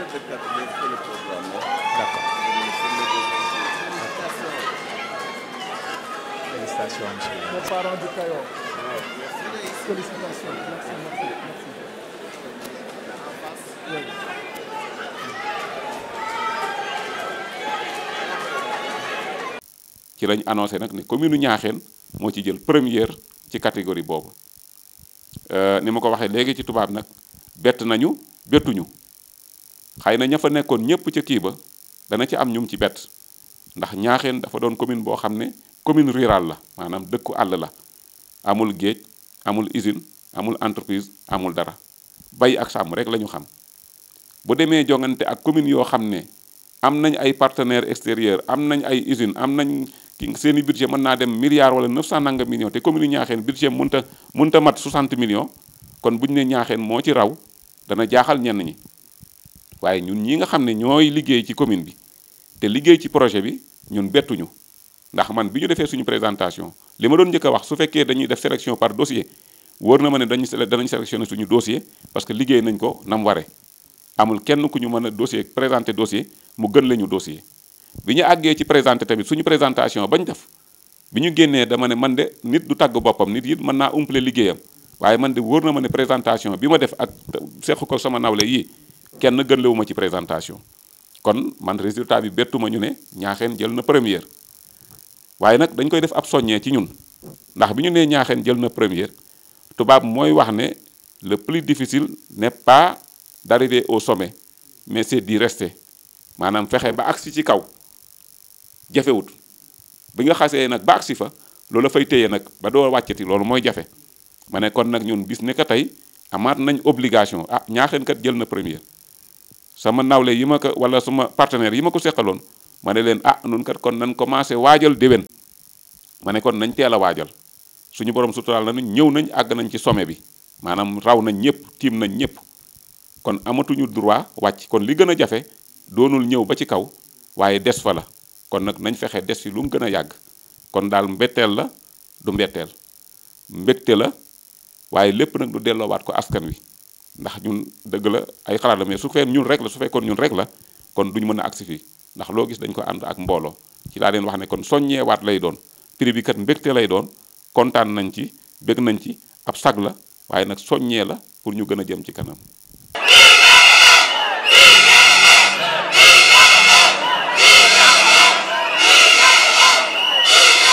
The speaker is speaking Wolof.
de Capelette et le programme. D'accord. Félicitations, monsieur. Nos parents du Caillot. Félicitations. Merci, merci, merci. Oui. ci lañ annoncé nag ne commune Niakhène moo ci jël première ci catégorie euh, ni ci nañu xëy na ña fa nekkoon ñëpp ca kii ba dana ci am ñum ci bet ndax ñaaxeen dafa doon commune boo xam ne commune rurale la maanaam dëkku àll la amul géej amul usine amul entreprise amul dara bay ak sàmm rek la ñu xam bu demee jongante ak commune yoo xam ne am nañ ay partenaires extérieurs am nañ ay usine am nañ ki seen i budget mën naa dem milliard wala 900 nanga millions te commune ñaaxeen budget mënta mënta mat 60 millions kon bu ñu ne ñaaxeen moo ci raw dana jaaxal ñenn ñi waye ñun ñi nga xamné ne ñooy liggéey ci commune bi té liggéey ci projet bi ñun bettuñu ndax man biñu défé suñu présentation lima doon njëkk wax su féké dañuy def sélection par dossier wóor na ma ne dañu sélectionner suñu dossier parce que liggéey nañ ko nam waré amul kenn ku ñu mëna a dossier présenter dossier mu gën lañu dossier biñu aggé ci présenter tamit suñu présentation bañ def biñu génné dama né man dé nit du tag bopam nit it mëna umplé liggéeyam waye man dé wóor na présentation bima def ak seq ko sama nawlé yi kenn gën ci présentation kon man résultat bi bettuma ñu ne ñaaxeen jël na première waaye nag dañ koy def ab soññee ci ñun ndax bi ñu nee ñaaxeen jël na première tubaab mooy wax ne le plus difficile n'est pas d'arriver au sommet mais c'est d'y rester maanaam fexe ba agsi ci kaw jafewut bi nga xasee nag ba agsi fa loola fay téye nag ba doo wàccati loolu mooy jafe ma ne kon nag ñun bis ne ka tey amaat nañ obligation ah ñaaxeen kat jël na première sama nawle yi ma ko wala sama partenaire yi ma ko seqaloon ma ne leen ah nun kat kon nañ commencé waajal déwén ma ne kon nañ teel a waajal suñu borom suturaal nañu ñëw nañ àgg nañ ci sommet bi maanaam raw nañ ñëpp tiim nañ ñëpp kon amatuñu droit wàcc kon li gën a jafe doonul ñëw ba ci kaw waaye des fa la kon nag nañ fexe des fi lu mu gën a yàgg kon daal mbetteel la du mbetteel mbégte la waaye lépp nag du delloowaat ko askan wi ndax ñun dëgg la ay xalaat la mais su fekkee ñun rek la su fekkoon ñun rek la kon duñu mën a agsi fii ndax loo gis dañ ko ànd ak mbooloo ci laa leen wax ne kon soññee waat lay doon prix bi kat mbégte lay doon kontaan nañ ci bég nañ ci ab sag la waaye nag soññee la pour ñu gën a jëm ci kanam